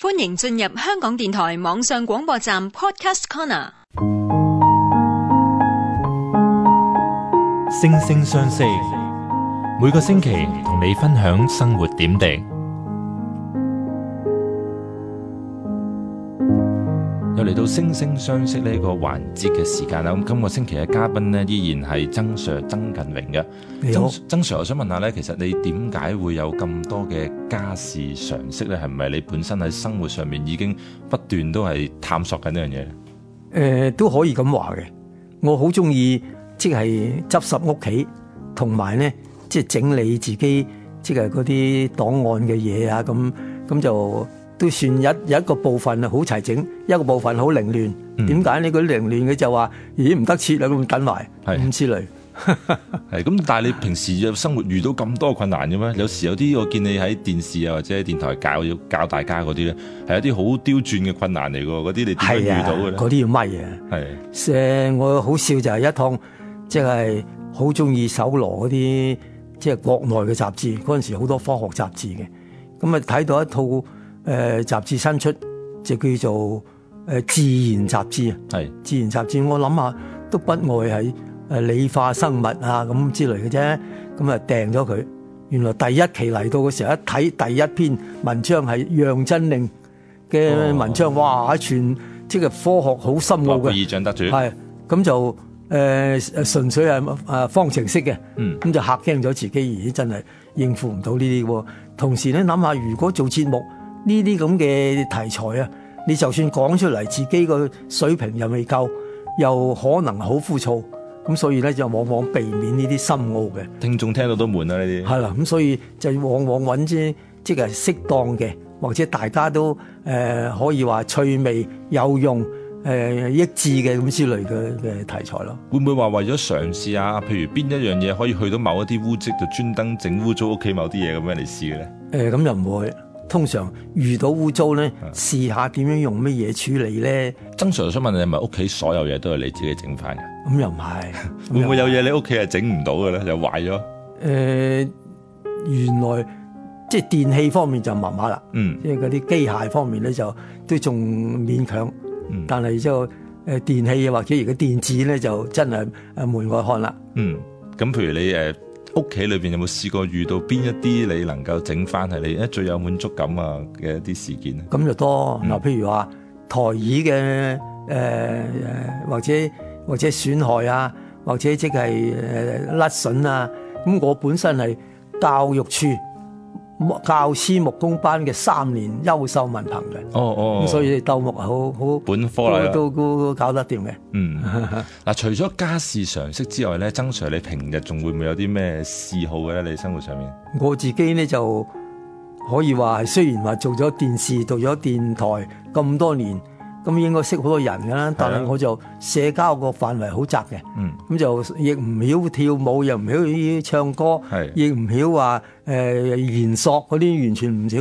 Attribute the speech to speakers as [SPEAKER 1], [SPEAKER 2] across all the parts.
[SPEAKER 1] 歡迎進入香港電台網上廣播站 Podcast Corner，
[SPEAKER 2] 星聲相識，每個星期同你分享生活點滴。又嚟到星聲相識呢個環節嘅時間啦，咁今個星期嘅嘉賓咧，依然係曾 Sir 曾近榮嘅。你好，曾，曾 Sir，我想問下咧，其實你點解會有咁多嘅家事常識咧？係唔係你本身喺生活上面已經不斷都係探索緊呢樣嘢？誒、
[SPEAKER 1] 呃，都可以咁話嘅。我好中意即係執拾屋企，同埋咧即係整理自己即係嗰啲檔案嘅嘢啊，咁咁就。都算有有一個部分啊，好齊整；一個部分好凌亂。點解咧？嗰啲凌亂佢就話咦，唔得切啦，咁緊壞咁之類。
[SPEAKER 2] 係 咁， 但係你平時嘅生活遇到咁多困難嘅咩？有時候有啲我見你喺電視啊或者喺電台教要教大家嗰啲咧，係一啲好刁鑽嘅困難嚟嘅喎。嗰啲你點樣遇到嗰啲要咪啊？
[SPEAKER 1] 係誒、啊啊，我好笑就係一趟，即係好中意搜羅嗰啲即係國內嘅雜誌。嗰陣時好多科學雜誌嘅，咁啊睇到一套。誒、呃、雜誌新出就叫做誒、呃、自然雜誌啊，係自然雜誌。我諗下都不外係誒、呃、理化生物啊咁之類嘅啫。咁啊訂咗佢，原來第一期嚟到嘅時候一睇第一篇文章係楊振寧嘅文章，哦、哇！一串即係科學好深奧嘅，係咁就誒、呃、純粹係誒、啊、方程式嘅，嗯咁就嚇驚咗自己，而且真係應付唔到呢啲喎。同時咧諗下，如果做節目。呢啲咁嘅題材啊，你就算講出嚟，自己個水平又未夠，又可能好枯燥，咁所以咧就往往避免呢啲深奧嘅。
[SPEAKER 2] 聽眾聽到都悶啦呢啲。係啦，咁
[SPEAKER 1] 所以就往往揾啲即係適當嘅，或者大家都誒、呃、可以話趣味有用誒、呃、益智嘅咁之類嘅嘅
[SPEAKER 2] 題材咯。會唔會話為咗嘗試下？譬如邊一樣嘢可以去到某一啲污跡，就專登整污糟屋企某啲嘢咁樣嚟試嘅咧？
[SPEAKER 1] 誒咁又唔會。通常遇到污糟咧，
[SPEAKER 2] 試下點樣用咩嘢處理咧、嗯？曾 Sir 想問你，係咪屋企所有嘢都係你自己整翻㗎？咁、嗯、又唔係、嗯，會唔會有嘢你屋企係整唔到嘅咧？就壞咗？
[SPEAKER 1] 誒、呃，原來即係電器方面就麻麻啦。嗯，即係嗰啲機械方面咧，就都仲勉強。嗯、但係之後誒電器或者而家電子咧，就真係誒門外漢啦。嗯，
[SPEAKER 2] 咁譬如你誒。屋企裏邊有冇試過遇到邊一啲你能夠整翻係你一最有滿足感啊嘅一啲事件咧？咁
[SPEAKER 1] 就多嗱，譬、嗯、如話台椅嘅，誒誒，或者或者損害啊，或者即係誒甩筍啊，咁我本身係教育處教師木工班嘅三年優秀文憑嘅。哦哦，所以你鬥木好好本科啦，都都搞得掂嘅。嗯，
[SPEAKER 2] 嗱、嗯， 除咗家事常識之外咧，曾 sir 你平日仲會唔會有啲咩嗜好嘅咧？你生活上面，
[SPEAKER 1] 我自己呢就可以話係，雖然話做咗電視、做咗電台咁多年。咁應該識好多人㗎啦，但係我就社交個範圍好窄嘅，咁、嗯、就亦唔曉跳舞，又唔曉唱歌，亦唔曉話誒言索嗰啲完全唔少。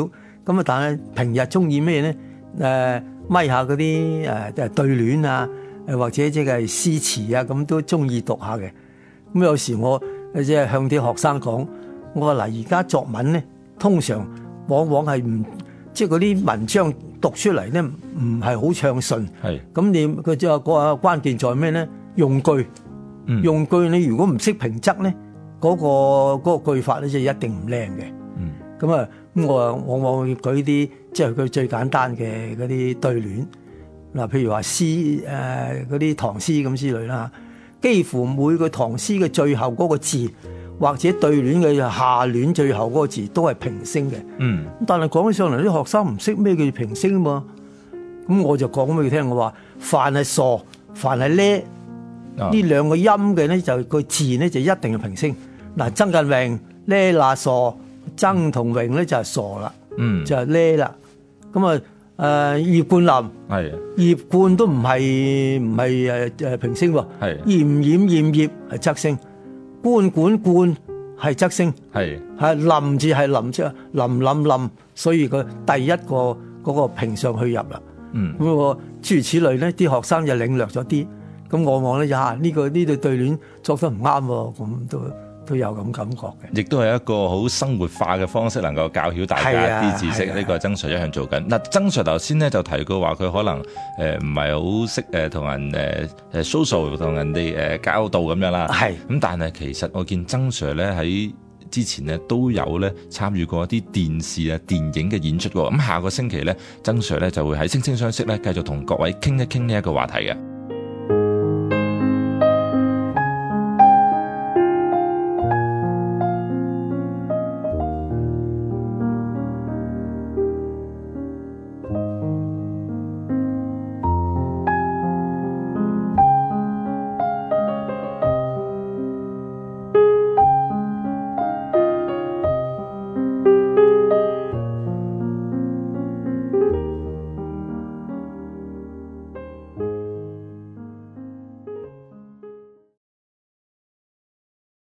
[SPEAKER 1] 咁啊，但係平日中意咩咧？誒，咪下嗰啲誒對聯啊，誒或者即係詩詞啊，咁都中意讀下嘅。咁有時我即係向啲學生講，我話嗱，而、啊、家作文咧，通常往往係唔即係嗰啲文章。讀出嚟咧唔係好暢順，係咁你佢就話，個關鍵在咩咧？用句、嗯、用句，你如果唔識平仄咧，嗰、嗰個、嗰個句法咧就一定唔靚嘅。咁、嗯、啊，咁我啊往往舉啲即係佢最簡單嘅嗰啲對聯嗱，譬如話詩誒嗰啲唐詩咁之類啦，幾乎每個唐詩嘅最後嗰個字。或者對聯嘅下聯最後嗰個字都係平聲嘅，嗯，但係講起上嚟啲學生唔識咩叫平聲啊嘛，咁我就講俾佢聽，我話凡係傻，凡係叻，呢兩個音嘅咧就個字咧就一定係平聲。嗱，曾近榮叻啦傻，曾同榮咧就係傻啦，嗯，就係叻啦。咁啊，誒，葉冠林係葉冠都唔係唔係誒誒平聲，係，嚴嚴嚴葉係仄聲。官管灌係側聲係係冧字係冧即係冧冧冧，所以佢第一個嗰、嗰個平上去入啦。
[SPEAKER 2] 嗯，咁
[SPEAKER 1] 我諸如此類咧，啲學生就領略咗啲，咁我我咧呀呢、呢個呢、呢個、對對聯作得唔啱，咁都。都有咁感覺
[SPEAKER 2] 嘅，亦都係一個好生活化嘅方式，能夠教曉大家一啲知識。呢、啊啊這個曾 sir 一向做緊。嗱，曾 sir 頭先咧就提過話，佢可能誒唔係好識誒同人誒誒 social 同人哋誒、呃、交道咁樣啦。係咁，但係其實我見曾 sir 咧喺之前咧都有咧參與過一啲電視啊、電影嘅演出喎、啊。咁、嗯、下個星期咧，曾 sir 咧就會喺《星聲相識》呢咧繼續同各位傾一傾呢一個話題嘅。